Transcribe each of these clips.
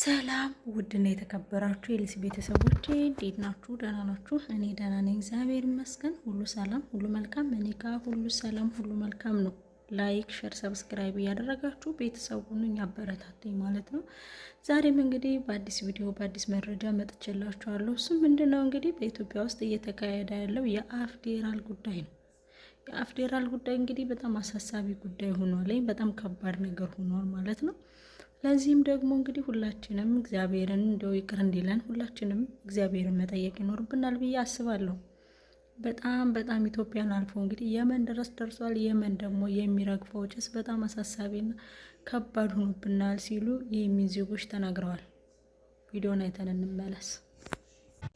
ሰላም ውድና የተከበራችሁ የልስ ቤተሰቦች እንዴት ናችሁ? ደህና ናችሁ? እኔ ደህና ነኝ፣ እግዚአብሔር ይመስገን። ሁሉ ሰላም፣ ሁሉ መልካም። እኔ ጋ ሁሉ ሰላም፣ ሁሉ መልካም ነው። ላይክ፣ ሸር፣ ሰብስክራይብ እያደረጋችሁ ቤተሰቡን ያበረታተኝ ማለት ነው። ዛሬም እንግዲህ በአዲስ ቪዲዮ በአዲስ መረጃ መጥቼላችኋለሁ። እሱም ምንድን ነው እንግዲህ በኢትዮጵያ ውስጥ እየተካሄደ ያለው የአፍዴራል ጉዳይ ነው። የአፍዴራል ጉዳይ እንግዲህ በጣም አሳሳቢ ጉዳይ ሆኗል፣ በጣም ከባድ ነገር ሆኗል ማለት ነው። ለዚህም ደግሞ እንግዲህ ሁላችንም እግዚአብሔርን እንደው ይቅር እንዲለን ሁላችንም እግዚአብሔርን መጠየቅ ይኖርብናል ብዬ አስባለሁ። በጣም በጣም ኢትዮጵያን አልፎ እንግዲህ የመን ድረስ ደርሷል። የመን ደግሞ የሚረግፈው ጭስ በጣም አሳሳቢና ከባድ ሆኖብናል ሲሉ የሚን ዜጎች ተናግረዋል። ቪዲዮን አይተን እንመለስ።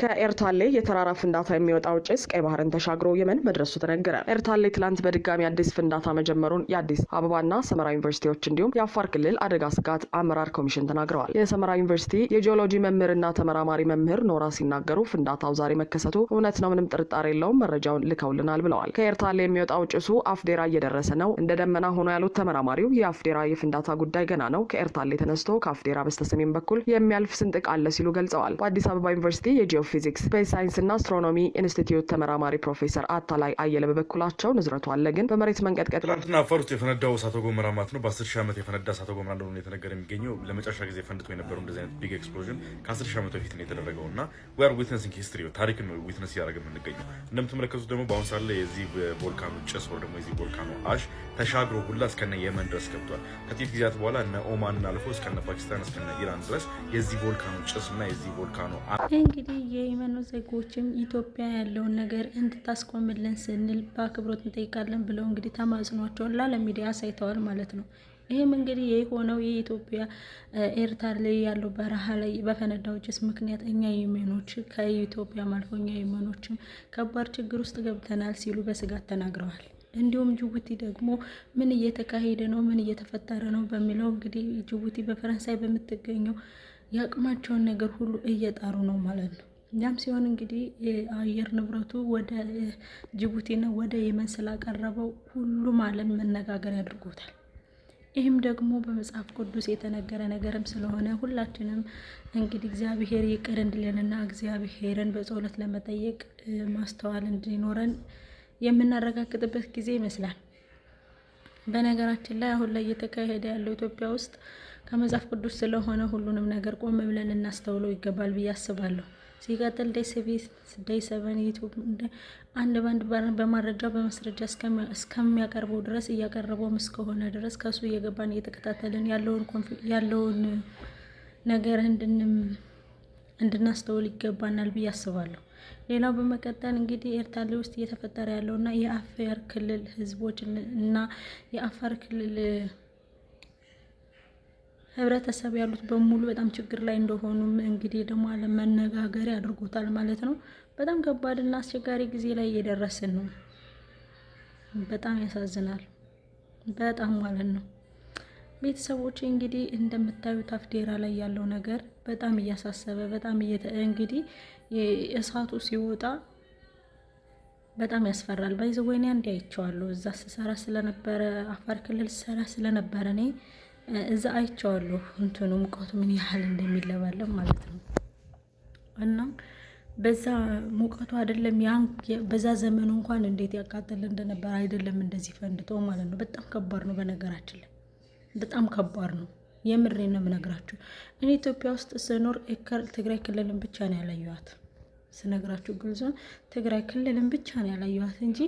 ከኤርታሌ የተራራ ፍንዳታ የሚወጣው ጭስ ቀይ ባህርን ተሻግሮ የመን መድረሱ ተነገረ። ኤርታሌ ትላንት በድጋሚ አዲስ ፍንዳታ መጀመሩን የአዲስ አበባና ሰመራ ዩኒቨርሲቲዎች እንዲሁም የአፋር ክልል አደጋ ስጋት አመራር ኮሚሽን ተናግረዋል። የሰመራ ዩኒቨርሲቲ የጂኦሎጂ መምህርና ተመራማሪ መምህር ኖራ ሲናገሩ ፍንዳታው ዛሬ መከሰቱ እውነት ነው፣ ምንም ጥርጣሬ የለውም፣ መረጃውን ልከውልናል ብለዋል። ከኤርታሌ የሚወጣው ጭሱ አፍዴራ እየደረሰ ነው እንደ ደመና ሆኖ ያሉት ተመራማሪው የአፍዴራ የፍንዳታ ጉዳይ ገና ነው። ከኤርታሌ ተነስቶ ከአፍዴራ በስተሰሜን በኩል የሚያልፍ ስንጥቅ አለ ሲሉ ገልጸዋል። በአዲስ አበባ ዩኒቨርሲቲ ጂኦፊዚክስ ስፔስ ሳይንስ እና አስትሮኖሚ ኢንስቲትዩት ተመራማሪ ፕሮፌሰር አታላይ አየለ በበኩላቸው ንዝረቱ አለ ግን በመሬት መንቀጥቀጥ ትናንትና አፋር ውስጥ የፈነዳው እሳተ ገሞራ ማለት ነው። ሺህ ዓመት የፈነዳ እሳተ ገሞራ እንደሆነ የተነገረ የሚገኘው ለመጨረሻ ጊዜ ፈንድቶ የነበረው እንደዚህ አይነት ቢግ ኤክስፕሎዥን ከ ሺህ ዓመት በፊት ነው የተደረገው እና ዌር ዊትነሲንግ ሂስትሪ ታሪክን ዊትነስ እያደረገ የምንገኘው እንደምትመለከቱት ደግሞ በአሁኑ ሰዓት ላይ የዚህ ቮልካኖ ጭስ ወር ደግሞ የዚህ ቮልካኖ አሽ ተሻግሮ ሁላ እስከነ የመን ድረስ ገብቷል። ከጥቂት ጊዜያት በኋላ እነ ኦማንን አልፎ እስከነ ፓኪስታን እስከነ ኢራን ድረስ የዚህ ቮልካኖ ጭስ እና የዚህ ቮልካኖ እንግዲህ የየመኑ ዜጎችም ኢትዮጵያ ያለውን ነገር እንድታስቆምልን ስንል በአክብሮት እንጠይቃለን ብለው እንግዲህ ተማጽኗቸውን ላለሚዲያ አሳይተዋል ማለት ነው። ይህም እንግዲህ የሆነው የኢትዮጵያ ኤርትራ ላይ ያለው በረሃ ላይ በፈነዳው ጭስ ምክንያት እኛ የመኖች ከኢትዮጵያ ማልፎ እኛ የመኖችም ከባድ ችግር ውስጥ ገብተናል ሲሉ በስጋት ተናግረዋል። እንዲሁም ጅቡቲ ደግሞ ምን እየተካሄደ ነው፣ ምን እየተፈጠረ ነው በሚለው እንግዲህ ጅቡቲ በፈረንሳይ በምትገኘው የአቅማቸውን ነገር ሁሉ እየጣሩ ነው ማለት ነው። ያም ሲሆን እንግዲህ የአየር ንብረቱ ወደ ጅቡቲ ወደ የመን ስላቀረበው ሁሉም ዓለም መነጋገር ያድርጎታል። ይህም ደግሞ በመጽሐፍ ቅዱስ የተነገረ ነገርም ስለሆነ ሁላችንም እንግዲህ እግዚአብሔር ይቅር እንዲለንና እግዚአብሔርን በጸሎት ለመጠየቅ ማስተዋል እንዲኖረን የምናረጋግጥበት ጊዜ ይመስላል። በነገራችን ላይ አሁን ላይ እየተካሄደ ያለው ኢትዮጵያ ውስጥ ከመጽሐፍ ቅዱስ ስለሆነ ሁሉንም ነገር ቆም ብለን እናስተውለው ይገባል ብዬ አስባለሁ። ሲቀጥል ደይ ሰቨን ዩቲዩብ አንድ ባንድ በማረጃ በማስረጃ እስከሚያቀርበው ድረስ እያቀረበውም እስከሆነ ድረስ ከሱ እየገባን እየተከታተልን ያለውን ነገር እንድናስተውል ይገባናል ብዬ አስባለሁ። ሌላው በመቀጠል እንግዲህ ኤርታሌ ውስጥ እየተፈጠረ ያለውና የአፋር ክልል ህዝቦች እና የአፋር ክልል ህብረተሰብ ያሉት በሙሉ በጣም ችግር ላይ እንደሆኑም እንግዲህ ደግሞ አለመነጋገር አድርጎታል ማለት ነው። በጣም ከባድና አስቸጋሪ ጊዜ ላይ እየደረስን ነው። በጣም ያሳዝናል። በጣም ማለት ነው። ቤተሰቦች እንግዲህ እንደምታዩት አፍዴራ ላይ ያለው ነገር በጣም እያሳሰበ በጣም እንግዲህ እሳቱ ሲወጣ በጣም ያስፈራል። ባይዘወይኔ እንዲ አይቼዋለሁ እዛ ስሰራ ስለነበረ አፋር ክልል ስሰራ ስለነበረ እኔ እዛ አይቼዋለሁ እንትኑ ሙቀቱ ምን ያህል እንደሚለባለም ማለት ነው። እና በዛ ሙቀቱ አይደለም ያን በዛ ዘመኑ እንኳን እንዴት ያቃጠለ እንደነበር አይደለም እንደዚህ ፈንድቶ ማለት ነው። በጣም ከባድ ነው። በነገራችን ላይ በጣም ከባድ ነው። የምሬ ነው የምነግራችሁ። እኔ ኢትዮጵያ ውስጥ ስኖር ትግራይ ክልልን ብቻ ነው ያለየኋት። ስነግራችሁ ግልጹን ትግራይ ክልልን ብቻ ነው ያላየኋት እንጂ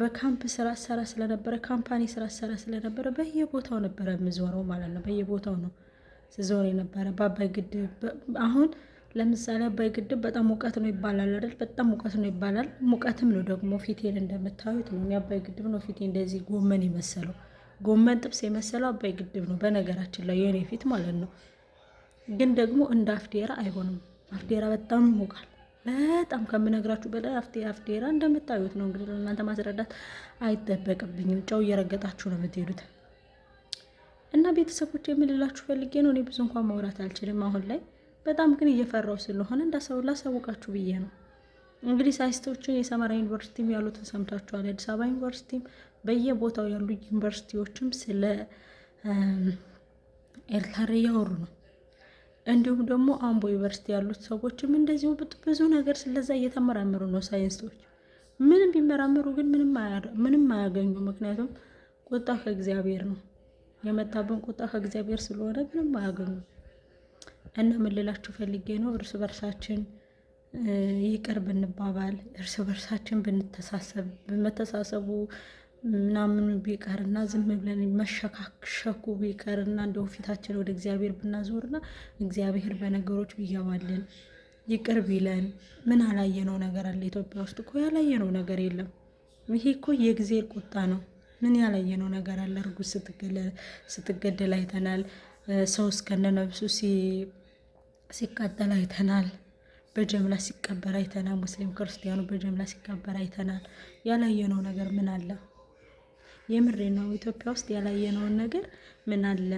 በካምፕ ስራ ሰራ ስለነበረ ካምፓኒ ስራ ሰራ ስለነበረ በየቦታው ነበረ የምዞረው ማለት ነው። በየቦታው ነው ስዞር የነበረ በአባይ ግድብ። አሁን ለምሳሌ አባይ ግድብ በጣም ሙቀት ነው ይባላል አይደል? በጣም ሙቀት ነው ይባላል። ሙቀትም ነው ደግሞ። ፊቴን እንደምታዩት ነው የአባይ ግድብ ነው ፊቴ እንደዚህ ጎመን የመሰለው ጎመን ጥብስ የመሰለው አባይ ግድብ ነው በነገራችን ላይ የኔ ፊት ማለት ነው። ግን ደግሞ እንደ አፍዴራ አይሆንም። አፍዴራ በጣም ይሞቃል። በጣም ከምነግራችሁ በላይ አፍቴ አፍዴራ እንደምታዩት ነው። እንግዲህ ለእናንተ ማስረዳት አይጠበቅብኝም። ጨው እየረገጣችሁ ነው የምትሄዱት። እና ቤተሰቦች የምልላችሁ ፈልጌ ነው። እኔ ብዙ እንኳን ማውራት አልችልም አሁን ላይ በጣም ግን እየፈራው ስለሆነ እንዳሰው ላሳውቃችሁ ብዬ ነው። እንግዲህ ሳይስቶችን የሰመራ ዩኒቨርሲቲም ያሉትን ሰምታችኋል። የአዲስ አበባ ዩኒቨርሲቲም በየቦታው ያሉ ዩኒቨርሲቲዎችም ስለ ኤርትራ እያወሩ ነው። እንዲሁም ደግሞ አምቦ ዩኒቨርሲቲ ያሉት ሰዎችም እንደዚሁ ብዙ ነገር ስለዛ እየተመራመሩ ነው ሳይንስቶች። ምንም ቢመራመሩ ግን ምንም አያገኙ። ምክንያቱም ቁጣ ከእግዚአብሔር ነው የመጣብን ቁጣ ከእግዚአብሔር ስለሆነ ምንም አያገኙ እና ምን ልላችሁ ፈልጌ ነው እርስ በርሳችን ይቅር ብንባባል፣ እርስ በርሳችን ብንተሳሰብ በመተሳሰቡ ምናምኑ ቢቀርና ዝም ብለን መሸካሸኩ ቢቀርና እንደው ፊታችን ወደ እግዚአብሔር ብናዞርና እግዚአብሔር በነገሮች ቢገባልን ይቅር ቢለን ምን አላየነው ነገር አለ? ኢትዮጵያ ውስጥ እኮ ያላየነው ነገር የለም። ይሄ እኮ የእግዚአብሔር ቁጣ ነው። ምን ያላየነው ነገር አለ? እርጉዝ ስትገደል አይተናል። ሰው እስከነ ነብሱ ሲቃጠል አይተናል። በጀምላ ሲቀበር አይተናል። ሙስሊም ክርስቲያኑ በጀምላ ሲቀበር አይተናል። ያላየነው ነገር ምን አለ? የምሬ ነው። ኢትዮጵያ ውስጥ ያላየነውን ነገር ምን አለ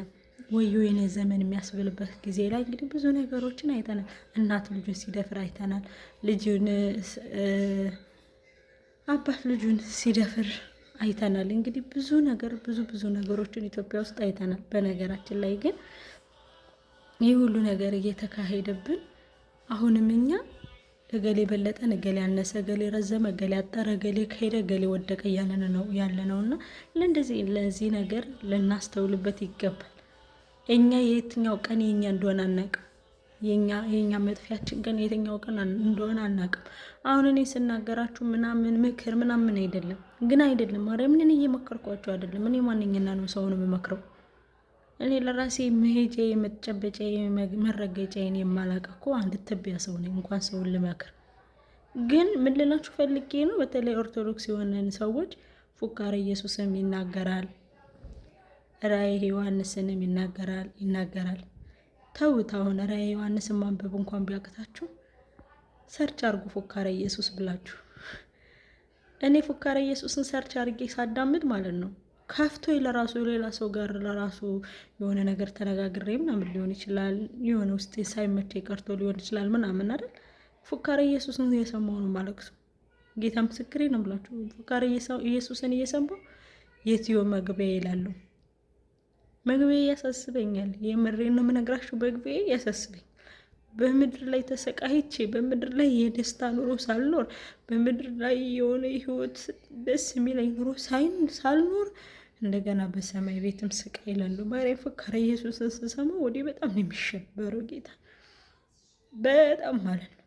ወዩ የኔ ዘመን የሚያስብልበት ጊዜ ላይ እንግዲህ ብዙ ነገሮችን አይተናል። እናት ልጁን ሲደፍር አይተናል። ልጁን አባት ልጁን ሲደፍር አይተናል። እንግዲህ ብዙ ነገር ብዙ ብዙ ነገሮችን ኢትዮጵያ ውስጥ አይተናል። በነገራችን ላይ ግን ይህ ሁሉ ነገር እየተካሄደብን አሁንም እኛ እገሌ በለጠን፣ እገሌ ያነሰ፣ እገሌ ረዘመ፣ እገሌ አጠረ፣ እገሌ ከሄደ፣ እገሌ ወደቀ እያለን ነው ያለ ነው እና ለእንደዚህ ለዚህ ነገር ልናስተውልበት ይገባል። እኛ የየትኛው ቀን የኛ እንደሆነ አናቅም። የኛ መጥፊያችን ቀን የትኛው ቀን እንደሆነ አናቅም። አሁን እኔ ስናገራችሁ ምናምን ምክር ምናምን አይደለም፣ ግን አይደለም ማርያምን እየመከርኳቸው አይደለም። እኔ ማንኛና ነው ሰውን የምመክረው እኔ ለራሴ መሄጃ የመጨበጫ መረገጫ የማላውቅ እኮ አንድ ትቢያ ሰው ነኝ፣ እንኳን ሰውን ልመክር። ግን ምን ልላችሁ ፈልጌ ነው፣ በተለይ ኦርቶዶክስ የሆነን ሰዎች ፉካረ ኢየሱስም ይናገራል፣ ራእየ ዮሐንስንም ይናገራል ይናገራል። ተውት። አሁን ራእየ ዮሐንስን ማንበብ እንኳን ቢያቅታችሁ ሰርች አርጉ ፉካረ ኢየሱስ ብላችሁ። እኔ ፉካረ ኢየሱስን ሰርች አርጌ ሳዳምጥ ማለት ነው ከፍቶ ለራሱ ሌላ ሰው ጋር ለራሱ የሆነ ነገር ተነጋግሬ ምናምን ሊሆን ይችላል። የሆነ ውስጤ ሳይመቼ ቀርቶ ሊሆን ይችላል ምናምን አይደል። ፉካሬ ኢየሱስን እየሰማሁ ነው የማለቅሰው። ጌታ ምስክሬ ነው ብላችሁ ፉካሬ ኢየሱስን እየሰማሁ የትዮ መግቢያ ይላለሁ። መግቢያ ያሳስበኛል። የምሬ ነው የምነግራችሁ። መግቢያ ያሳስበኝ በምድር ላይ ተሰቃይቼ በምድር ላይ የደስታ ኑሮ ሳልኖር በምድር ላይ የሆነ ህይወት ደስ የሚለኝ ኑሮ ሳይን ሳልኖር እንደገና በሰማይ ቤትም ስቃይ ይላሉ። ባሪያ ፉከራ ኢየሱስ ስሰማ ወዲህ በጣም ነው የሚሸበረው ጌታ በጣም ማለት ነው።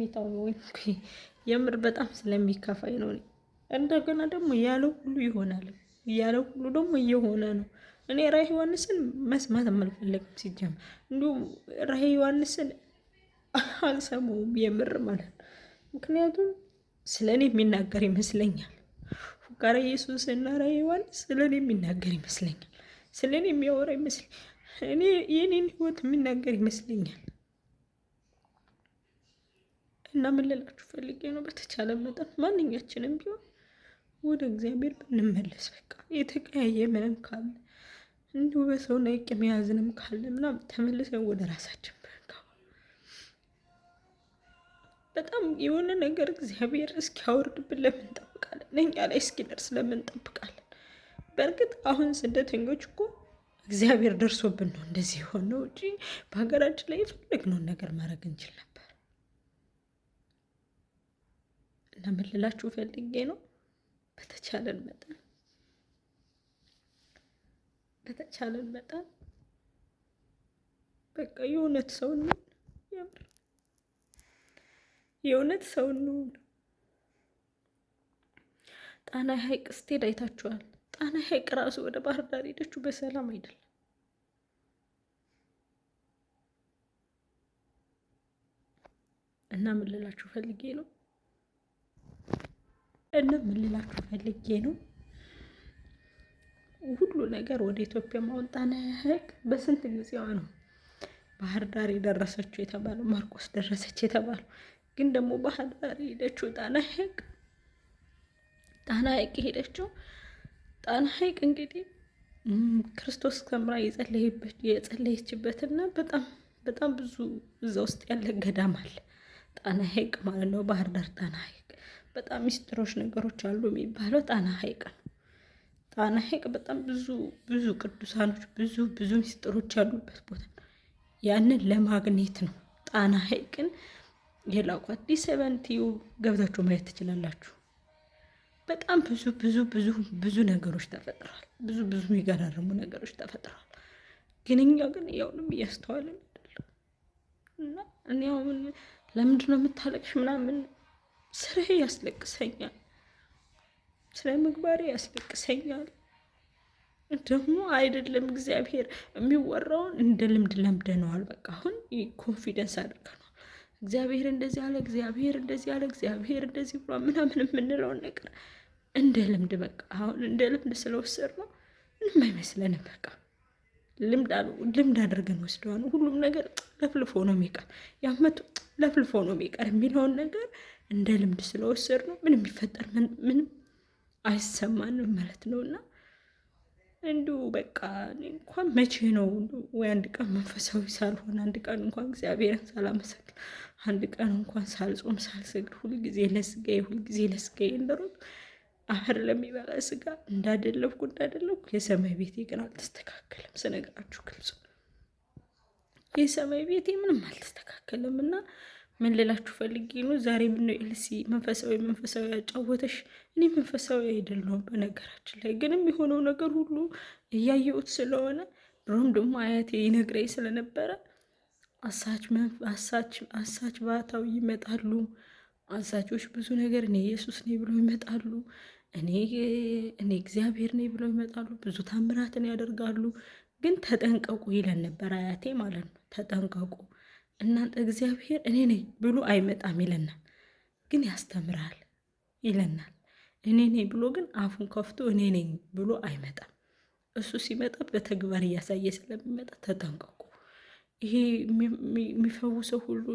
ሚታው ወይ የምር በጣም ስለሚከፋኝ ነው። እንደገና ደግሞ ያለው ሁሉ ይሆናል ያለው ሁሉ ደግሞ እየሆነ ነው። እኔ ራይ ዮሐንስን መስማት አልፈለግም ሲጀም እንዲሁም ራይ ዮሐንስን አልሰማውም የምር ማለት ነው ምክንያቱም ስለ እኔ የሚናገር ይመስለኛል። ፉቃረ ኢየሱስ እና ራ ዮሐንስ ስለ እኔ የሚናገር ይመስለኛል። ስለ እኔ የሚያወራ ይመስለኛል። እኔ የእኔን ህይወት የሚናገር ይመስለኛል። እና ምን ልላችሁ ፈልጌ ነው፣ በተቻለ መጠን ማንኛችንም ቢሆን ወደ እግዚአብሔር ብንመለስ በቃ የተቀያየ ምንም ካለ እንዲሁ በሰው ላይ ቂም ካለ ምናምን ተመልሰን ወደ ራሳችን በጣም የሆነ ነገር እግዚአብሔር እስኪያወርድብን ለምን እንጠብቃለን? እኛ ላይ እስኪደርስ ለምን እንጠብቃለን? በእርግጥ አሁን ስደተኞች እኮ እግዚአብሔር ደርሶብን ነው እንደዚህ የሆነው እንጂ በሀገራችን ላይ የፈለግነውን ነገር ማድረግ እንችል ነበር። እና ምን ልላችሁ ፈልጌ ነው በተቻለን መጠን በተቻለን መጠን በቃ የእውነት ሰው የምር የእውነት ሰው እንሆን። ጣና ሐይቅ ስትሄድ አይታችኋል። ጣና ሐይቅ ራሱ ወደ ባህር ዳር ሄደችው በሰላም አይደለም። እና ምን ልላችሁ ፈልጌ ነው እና ምን ልላችሁ ፈልጌ ነው ሁሉ ነገር ወደ ኢትዮጵያ ማውጣነ ህግ በስንት ጊዜዋ ነው ባህር ዳር የደረሰችው የተባለው፣ ማርቆስ ደረሰች የተባለው ግን ደግሞ ባህር ዳር ሄደችው ጣና ሐይቅ ጣና ሐይቅ ሄደችው። ጣና ሐይቅ እንግዲህ ክርስቶስ ከምራ የጸለየችበትና በጣም በጣም ብዙ እዛ ውስጥ ያለ ገዳም አለ። ጣና ሐይቅ ማለት ነው። ባህር ዳር ጣና ሐይቅ በጣም ሚስጥሮች ነገሮች አሉ የሚባለው ጣና ሐይቅ ነው። ጣና ሐይቅ በጣም ብዙ ብዙ ቅዱሳኖች ብዙ ብዙ ሚስጥሮች ያሉበት ቦታ ነው። ያንን ለማግኘት ነው ጣና ሐይቅን የላኳት ዲሴቨንቲው ገብታችሁ ማየት ትችላላችሁ። በጣም ብዙ ብዙ ብዙ ብዙ ነገሮች ተፈጥረዋል። ብዙ ብዙ የሚገራርሙ ነገሮች ተፈጥረዋል። ግን እኛ ግን ያውንም እያስተዋልን አይደለም እና እኔ አሁን ለምንድን ነው የምታለቅሽ ምናምን ስራዬ ያስለቅሰኛል፣ ስለ ምግባሬ ያስለቅሰኛል። ደግሞ አይደለም እግዚአብሔር የሚወራውን እንደ ልምድ ለምደነዋል። በቃ አሁን ኮንፊደንስ አድርገን እግዚአብሔር እንደዚህ አለ፣ እግዚአብሔር እንደዚህ አለ፣ እግዚአብሔር እንደዚህ ብሎ ምናምን የምንለውን ነገር እንደ ልምድ በቃ አሁን እንደ ልምድ ስለወሰድ ነው ምንም አይመስለንም። በቃ ልምድ አድርገን ወስደዋል። ሁሉም ነገር ለፍልፎ ነው የሚቀር ያመቱ ለፍልፎ ነው የሚቀር የሚለውን ነገር እንደ ልምድ ስለወሰድ ነው ምንም የሚፈጠር ምንም አይሰማንም ማለት ነው እና እንዱ በቃ እንኳን መቼ ነው ወይ አንድ ቀን መንፈሳዊ ሳልሆን አንድ ቀን እንኳን እግዚአብሔርን ሳላመሰግን አንድ ቀን እንኳን ሳልጾም ሳልሰግድ ሁልጊዜ ለስጋዬ ሁልጊዜ ለስጋዬ እንደሮጥ አፈር ለሚበላ ስጋ እንዳደለብኩ እንዳደለብኩ የሰማይ ቤቴ ግን አልተስተካከለም። ስነግራችሁ ግልጽ የሰማይ ቤቴ ምንም አልተስተካከለም እና ምን ልላችሁ ፈልጌ ነው ዛሬ ምነው ኤልሲ መንፈሳዊ መንፈሳዊ ያጫወተሽ? እኔ መንፈሳዊ አይደለሁም በነገራችን ላይ ግንም የሆነው ነገር ሁሉ እያየሁት ስለሆነ ድሮም ደግሞ አያቴ ይነግረኝ ስለነበረ አሳች ባታው ይመጣሉ፣ አሳቾች ብዙ ነገር እኔ ኢየሱስ ነኝ ብለው ይመጣሉ፣ እኔ እኔ እግዚአብሔር ነኝ ብለው ይመጣሉ፣ ብዙ ታምራትን ያደርጋሉ። ግን ተጠንቀቁ ይለን ነበር አያቴ ማለት ነው። ተጠንቀቁ እናንተ እግዚአብሔር እኔ ነኝ ብሎ አይመጣም ይለናል፣ ግን ያስተምራል ይለናል። እኔ ነኝ ብሎ ግን አፉን ከፍቶ እኔ ነኝ ብሎ አይመጣም። እሱ ሲመጣ በተግባር እያሳየ ስለሚመጣ ተጠንቀቁ። ይሄ የሚፈውሰው ሁሉ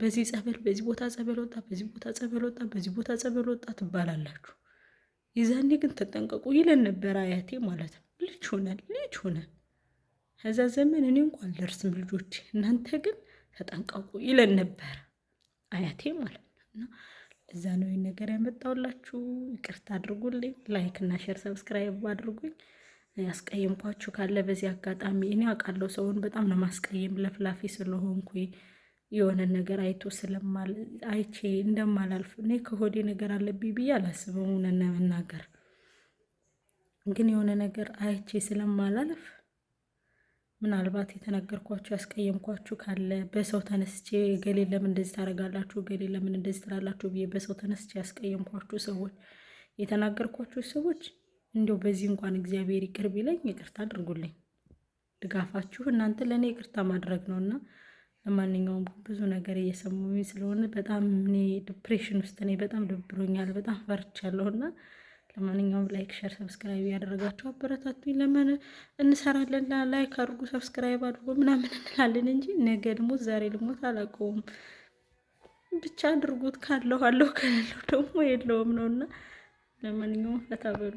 በዚህ ጸበል፣ በዚህ ቦታ ጸበል ወጣ፣ በዚህ ቦታ ጸበል ወጣ፣ በዚህ ቦታ ጸበል ወጣ ትባላላችሁ። የዛኔ ግን ተጠንቀቁ ይለን ነበር አያቴ ማለት ነው። ልጅ ሆነን ልጅ ሆነን ከዛ ዘመን እኔ እንኳን አልደርስም ልጆች፣ እናንተ ግን ተጠንቀቁ ይለን ነበር አያቴ ማለት ነው። እዛ ነው ነገር ያመጣውላችሁ። ይቅርታ አድርጉልኝ። ላይክ እና ሼር ሰብስክራይብ አድርጉኝ። ያስቀየምኳችሁ ካለ በዚህ አጋጣሚ እኔ አውቃለሁ፣ ሰውን በጣም ነው ማስቀየም ለፍላፊ ስለሆንኩ የሆነ ነገር አይቶ ስለማል አይቼ እንደማላልፍ እኔ ከሆዴ ነገር አለብኝ ብዬ አላስብም። እውነት ለመናገር ግን የሆነ ነገር አይቼ ስለማላልፍ ምናልባት የተናገርኳችሁ ያስቀየምኳችሁ ካለ በሰው ተነስቼ ገሌ ለምን እንደዚህ ታደርጋላችሁ፣ ገሌ ለምን እንደዚህ ትላላችሁ ብዬ በሰው ተነስቼ ያስቀየምኳችሁ ሰዎች፣ የተናገርኳችሁ ሰዎች እንዲያው በዚህ እንኳን እግዚአብሔር ይቅር ቢለኝ ይቅርታ አድርጉልኝ። ድጋፋችሁ እናንተ ለእኔ ይቅርታ ማድረግ ነው እና ለማንኛውም ብዙ ነገር እየሰሙኝ ስለሆነ በጣም እኔ ዲፕሬሽን ውስጥ ነኝ። በጣም ደብሮኛል። በጣም ፈርቻለሁ እና ለማንኛውም ላይክ፣ ሸር፣ ሰብስክራይብ ያደረጋቸው አበረታቱ። ለምን እንሰራለን ላይክ አድርጉ፣ ሰብስክራይብ አድርጉ ምናምን እንላለን እንጂ ነገ ልሞት ዛሬ ልሞት አላውቀውም። ብቻ አድርጉት። ካለው አለው ከሌለው ደግሞ የለውም ነው እና ለማንኛውም ፈታ በሉ።